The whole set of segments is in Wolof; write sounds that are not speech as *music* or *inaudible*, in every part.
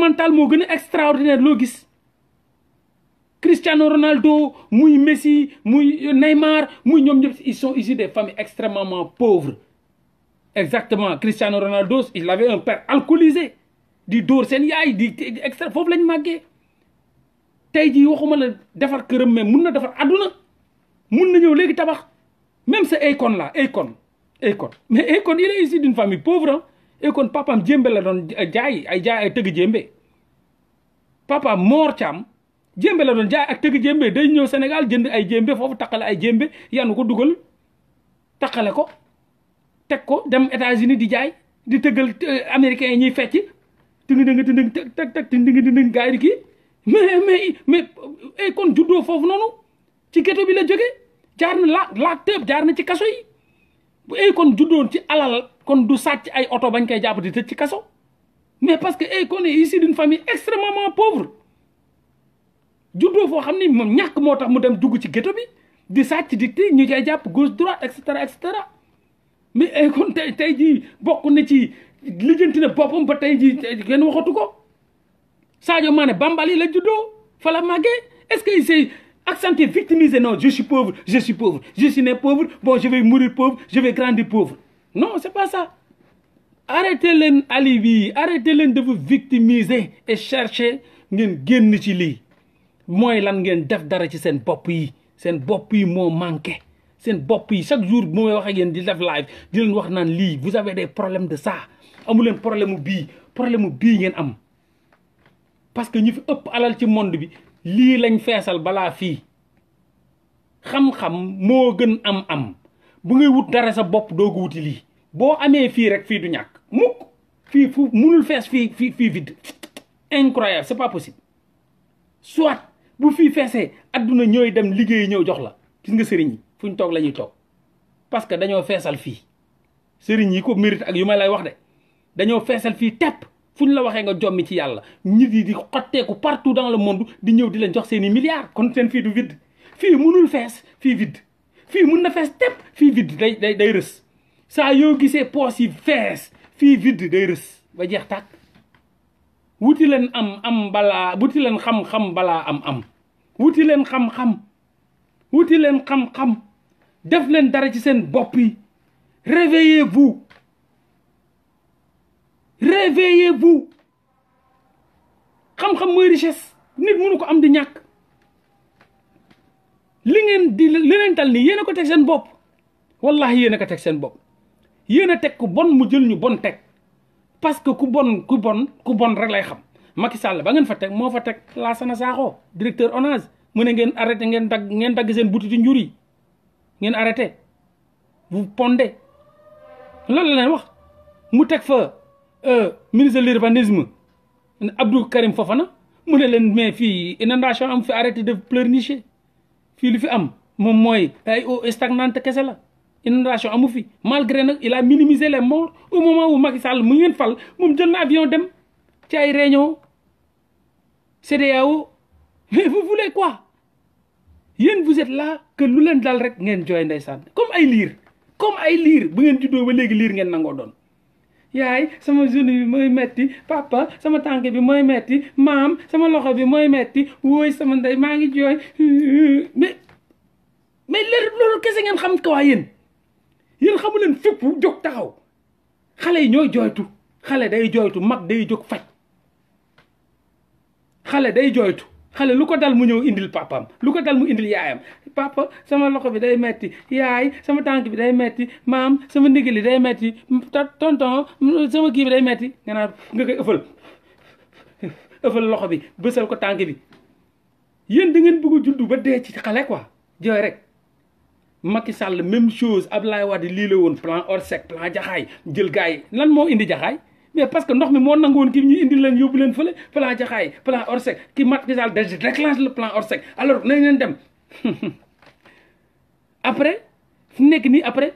mental moo gën a extraordinaire loo gis Cristiano Ronaldo muy Messi muy Neymar muy ñoom ñëpp ils sont issus des familles extrêmement pauvres exactement Cristiano Ronaldo il avait un père alcoolisé di door seen yaay di extra foofu lañu màggee tey jii waxuma la defar këram mais mun na defar àdduna mun na ñëw léegi tabax même sa Akon là Akon Akon mais Akon il est issu d'une famille pauvre et eh, kon papaam jéembe la doon jaay ay jaay ay tëgg jéembe papaam Mor Thiam jéembe la doon jaay ak tëgg jéembe day ñëw Sénégal jënd ay jéembe foofu taqale ay jéembe yanu ko dugal taqale ko teg ko dem États-Unis di jaay di tëggal eh, américains yi ñuy fecc tëng dëng tëng teg teg tëng dëng tëng gaay di kii mais mais mais eh, kon juddoo foofu noonu ci ghetto bi la jógee jaar na laa laag tëb jaar na ci kaso yi bu kon juddoon ci alal. kon du sàcc ay oto bañ koy jàpp di tëj ci kaso mais parce que ay qu'on est issu d'une famille extrêmement pauvre juddoo foo xam ni moom ñàkk moo tax mu dem dugg ci ghetto bi di sàcc di tey ñu koy jàpp gauche droite et cetera mais ay eh, kon tey tey jii bokk na ci lijjanti na boppam ba tey jii kenn waxatu ko Sadio Mané Bambali la juddoo fa la màggee est-ce que il s'est accentué victimisé no je suis pauvre je suis pauvre je suis né pauvre bon je vais mourir pauvre je vais grandir pauvre non c'est pas ça arrêtez leen alibi yi arrêtez leen de vous victimiser et chercher ngeen génn ci lii mooy lan ngeen def dara ci seen bopp yi seen bopp yi moo manqué seen bopp yi chaque jour bu may wax ak di def live di leen wax naan lii vous avez des problème de sa amuleen problème bii problème mu bii ngeen am parce que ñu fi ëpp alal ci monde bi lii lañ feesal balaa fii xam-xam moo gën am-am bu ngay wut dara sa bopp doo ko wuti lii. boo amee fii rek fii du ñàkk mukk fii fu munul fees fii fii fii vide incroyable c'est soit bu fii feesee adduna ñooy dem liggéey ñëw jox la gis nga sëriñ yi fu ñu toog la ñuy toog parce que dañoo feesal fii sëriñ yi ko ak yu may lay wax de dañoo feesal fii tepp fu ñu la waxee nga jommi ci yàlla nit yi di xotteeku partout dans le monde di ñëw di leen jox seen fii du vide fii munul fees fii vide fii mun na fees tepp fii vide day day day rës saa yoo gisee poos yi fees fii vide day rës ba jeex tàkk wuti leen am am balaa wuti leen xam-xam balaa am am wuti leen xam-xam wuti leen xam def leen dara ci seen bopp yi réveillez-vous réveillez-vous xam-xam mooy richesse nit mënu ko am di ñàkk li ngeen di li leen tal nii yéen a ko teg seen bopp wallahi yéen a ko teg seen bopp yéen a teg ku bon mu jël ñu bon teg parce que ku bon ku bon ku bon rek lay xam Macky sàll ba ngeen fa teg moo fa teg Lassana Sakho directeur ONAS mu ne ngeen arrêté ngeen dagg ngeen dagg seen butitu njur yi ngeen arrêté vous pondez loolu la leen wax mu teg fa euh, ministre de l'urbanisme Abdou Karim Fofana mu ne leen mais fii inondation am fi arrêté de pleurnicher fii lu fi am moom mooy ay eau stagnante kese la inondation amu fi malgré nag il a minimisé les morts au moment où mu ngeen fal moom jël na avion dem ci ay réunion CEDEAO mais vous voulez quoi yéen vous êtes là que lu leen dal rek ngeen jooy ndeysaan comme ay liir comme ay liir bu ngeen juddoo ba léegi liir ngeen nangoo doon yaay sama genou bi mooy metti papa sama tànk bi mooy metti maam sama loxo bi mooy metti wooy sama ndey maa ngi jooy *laughs* mais mais loolu kese ngeen xam ko waa yéen xamu leen fépp jóg taxaw xale yi ñooy joytu xale day jooytu mag day jog faj xale day jooytu xale lu ko dal mu ñëw indil papaam lu ko dal mu indil yaayam papa sama loxo bi day metti yaay sama tànk bi day metti maam sama ndigg li day metti tonton sama kii bi day metti nga naan nga koy ëffal ëffal loxo bi bësal ko tànk bi yéen da ngeen bëgg a juddu ba dee ci xale quoi rek Macky Sall même chose Abdoulaye Wade lii la woon plan Orsec plan jaxaay jël gars yi lan moo indi jaxaay mais parce que ndox mi moo nangoon ki ñu indi leen yóbbu leen fële plan jaxaay plan Orsec ki Macky Sall déclenche le plan Orsec alors nañ leen dem *laughs* après fu nekk nii après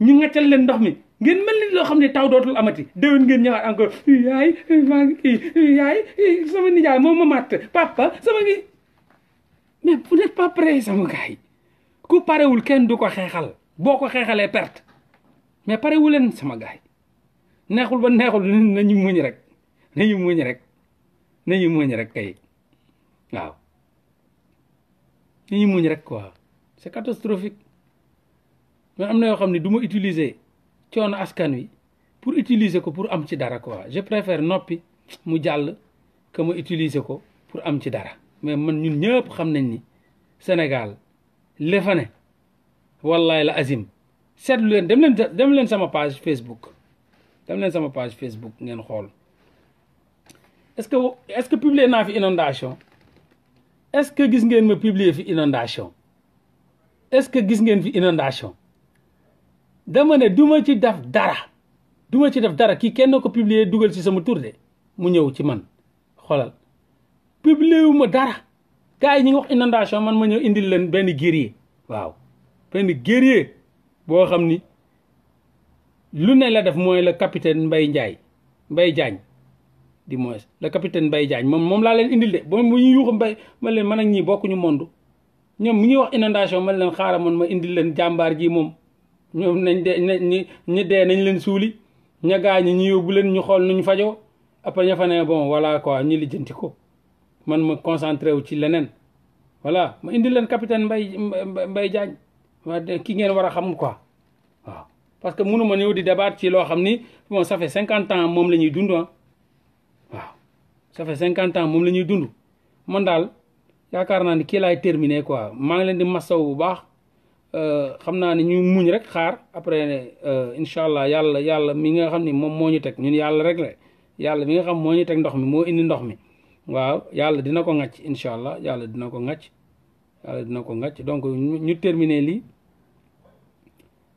ñu ngaccal leen ndox mi ngeen mel ni loo xam ne taw dootul amati déwén ngeen ñëwaat encore yaay maa ngi kii yaay sama ma màtt papa sama ngi mais vous n'êtes sama gars ku parewul kenn du ko xeexal boo ko xeexalee perte mais parewu leen sama gaay neexul ba neexul nañu muñ rek nañu muñ rek nañu muñ rek kay waaw nañu muñ rek quoi c'est catastrophique man am na yoo xam ne du ma utiliser coono askan wi pour utiliser ko pour am ci dara quoi je préfère noppi mu jàll que ma utiliser ko pour am ci dara mais man ñun ñëpp xam nañ ni Sénégal li fa ne wallaay la azim seetlu leen dem leen dem leen sama page Facebook dem leen sama page Facebook ngeen xool est-ce que est-ce que publier naa fi inondation es ce que gis ngeen ma publier fi inondation est-ce que gis ngeen fi inondation dama ne du ma ci def dara duma ci def dara ki kenn ko publier dugal ci sama tur de mu ñëw ci man xoolal publier wu ma dara. gars yi ñu wax inondation man ma ñëw indil leen benn guerrier waaw benn guerrier boo xam ni lu ne la def mooy le capitaine Mbaye Ndiaye Mbaye Diagne du moins le capitaine Mbaye jaañ moom moom laa leen indil de boo ñu yuuxu Mbaye man leen mën ak ñii bokkuñu monde ñoom mu ñuy wax inondation man leen xaaral man ma indil leen jàmbaar ji moom ñoom nañ de ñi ñi dee nañ leen suuli ña gaañu ñu yóbbu leen ñu xool nañu fajoo après ña fa ne bon voilà quoi ñu lijjanti man ma concentré wu ci leneen voilà ma indi leen capitaine mbay Mbaye Diagne ki ngeen war a xam quoi waaw parce que mënu ma ñëw di débat ci loo xam ni bon ça cinquante ans moom la ñuy dund ah waaw ça fait moom la ñuy dund man daal yaakaar naa ni kii laay terminer quoi maa ngi leen di massaw bu baax euh, xam naa ni ñu muñ rek xaar après euh, incha allah yàlla yàlla mi nga xam ni moom moo ñu teg ñun yàlla rek la yàlla mi nga xam moo ñu teg ndox mi moo indi ndox mi waaw yàlla dina ko ŋàcc incha allah yàlla dina ko ŋàcc dina ko ŋàcc donc ñu terminer lii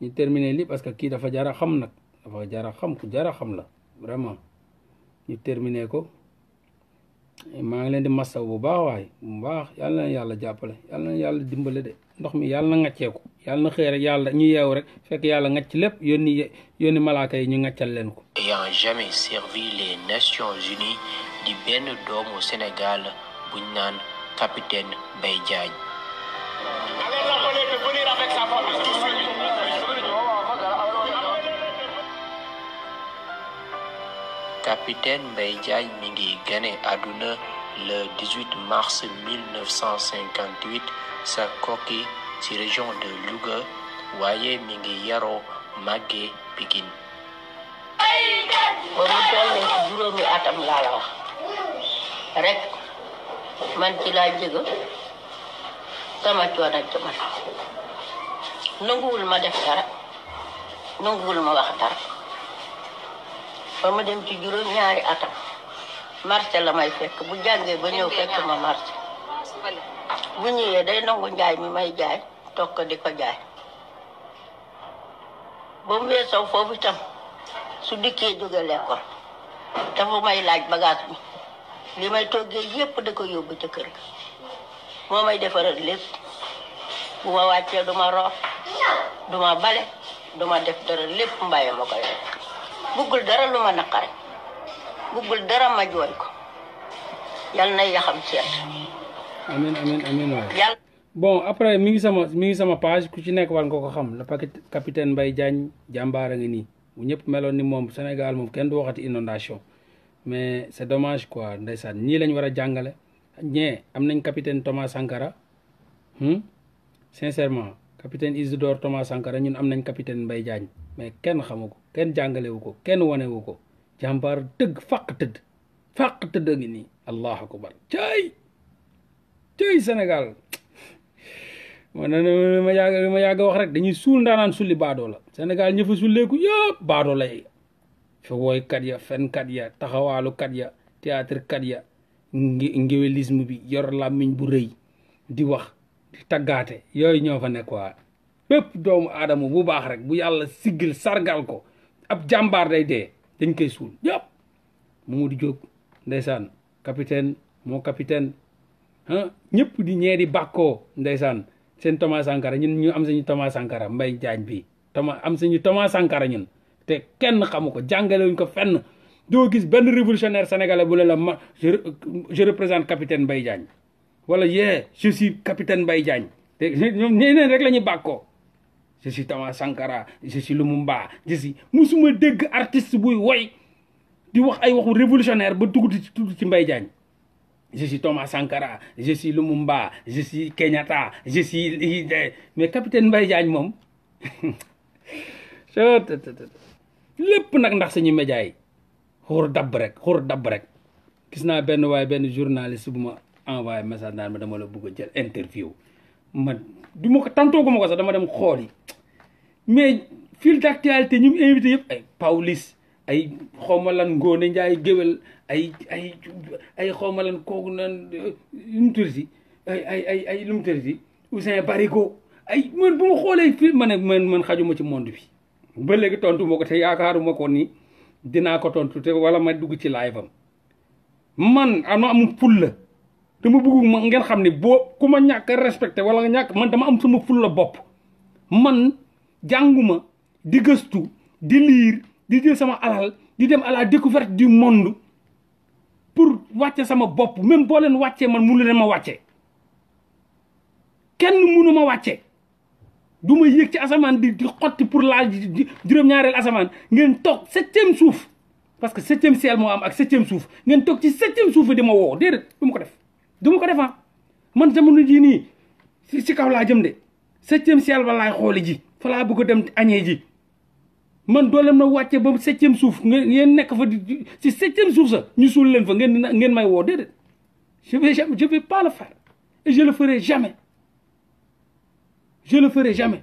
ñu terminer lii parce que kii dafa jara xam nag dafa jara xam ku jara xam la vraiment ñu terminer ko maa ngi leen di massaw bu baax waay bu baax yàlla na yàlla jàppale yàlla na yàlla dimbale de ndox mi yàlla na ko yàlla na xëy rek yàlla ñu yeewu rek fekk yàlla ŋàcc lépp yónni yónni malaaka yi ñu ŋàccal leen ko ayant di benn doomu Sénégal buñ naan capitaine bay Diagne. capitaine Mbaye Diagne mi ngi gane àdduna le 18 mars sa kokki ci région de Louga waaye mi ngi yaroo màggee Pikine. rek man ci laa jëga sama coono ci man nanguwul ma def dara nanguwul ma wax dara ba ma dem ci juróom ñaari atam marché la may fekk bu jàngee ba ñëw fekk ma marché bu ñëwee day nangu njaay mi may jaay toog ko di ko jaay ba mu weesoo foofu itam su dikkee jóge lekkool dafa may laaj bagage bi li may toggee yépp da ko yóbbu ca kër ga moo may defaral lépp bu ma wàccee du ma roof du ma bale du ma def dara lépp mbaye ma ko lekk buggul dara lu ma naqare buggul dara ma jooy ko yàlla na yaxam seet amin amin amin waay bon après mi ngi sama mi ngi sama page ku ci nekk war nga ko xam la paquet capitaine Mbaye Diagne jàmbaar a ngi nii bu ñëpp meloon ni moom senegal moom kenn du waxati inondation mais c'est dommage quoi ndeysaan ñii lañ war a jàngale ñee am nañ capitaine Thomas Sankara hmm? sincèrement capitaine Isidore Thomas Sankara ñun am nañ capitaine mbay Diagne mais kenn xamu ko kenn jàngalewu ko kenn wanewu ko jàmbaar dëgg fàq tëdd fàq tëdd a ngi nii allahu akbar cay cay Sénégal *laughs* ma ne ma yàgg ma yàgg wax rek dañuy suul ndaanaan sulli baadoo la Sénégal ñëfa sulleeku yëpp baadoo lay fa woykat ya fenkat ya taxawaalukat ya théâtre kat ya ngéwélisme bi yor làmmiñ bu rëy di wax di taggaate yooyu ñoo fa nekk waa bépp doomu aadama bu baax rek bu yàlla siggil sargal ko ab jàmbaar day dee dañ koy suul yëpp di jóg ndeysaan capitaine moo capitaine ah ñëpp di ñee di bàkkoo ndeysaan seen Thomas Sankara ñun ñu am suñu Thomas Sankara mbay Diagne bi Thomas am suñu Thomas Sankara ñun te kenn xamu ko jàngalewuñ ko fenn doo gis benn révolutionnaire sénégalais bu ne la ma je wala yee je suis capitaine Mbaye Diagne te ñoom ñeneen rek la ñuy bàkkoo je suis Thomas Sankara je suis Lumumba je suis musuma dégg artist bu woy di wax ay waxu révolutionnaire ba tuguti ci tudd ci Mbaye Diagne je suis Thomas Sankara je suis Lumumba je suis Kenyatta je mais capitaine bay Diagne moom *laughs* lépp nag ndax suñu média yi xur dabb rek xur dabb rek gis naa benn waaye benn journaliste bu ma envoyé message naan ma dama la bëgg a jël interview man du ma ko tantôt ma ko sax dama dem xool yi mais fil d'actualité ñu invité yëpp ay Pawlish ay xawmalan Ngoone Njaay géwél ay ay ay xawmalan kooku nan lu mu si ay ay ay ay lu mu tëdd si Ousseyn Barigo ay man bu ma xoolee fil ma ne man man xajuma ci monde bi ba léegi tontu ma ko te yaakaaruma ko nii dinaa ko tontu te wala ma dugg ci live am man ama am fulla te ma bëgg ma ngeen xam ne boo ku ma ñàkk respecté wala ñàkk man dama am suma fulla bopp man jànguma di gëstu di liir di jël sama alal di dem à la découverte du monde pour wàcce sama bopp même boo leen wàccee man mënu leen ma wàccee kenn mënu ma wàccee du ma yéeg ci asamaan di di xotti pour laal juróom-ñaareel asamaan ngeen toog septième suuf parce que septième ciel moo am ak septième suuf ngeen toog ci septième suuf di ma woo déedéet du ma ko def du ma ko def ah man jamono jii nii ci kaw laa jëm de septième ciel ba laay xooli ji falaa laa bëgg a dem añee ji man doolem na wàcce ba septième suuf ngeen nekk fa di ci septième suuf sa ñu suul leen fa ngeen ngeen may woo déedéet je vais je vais pas e faire et je jamais je le ferai jamais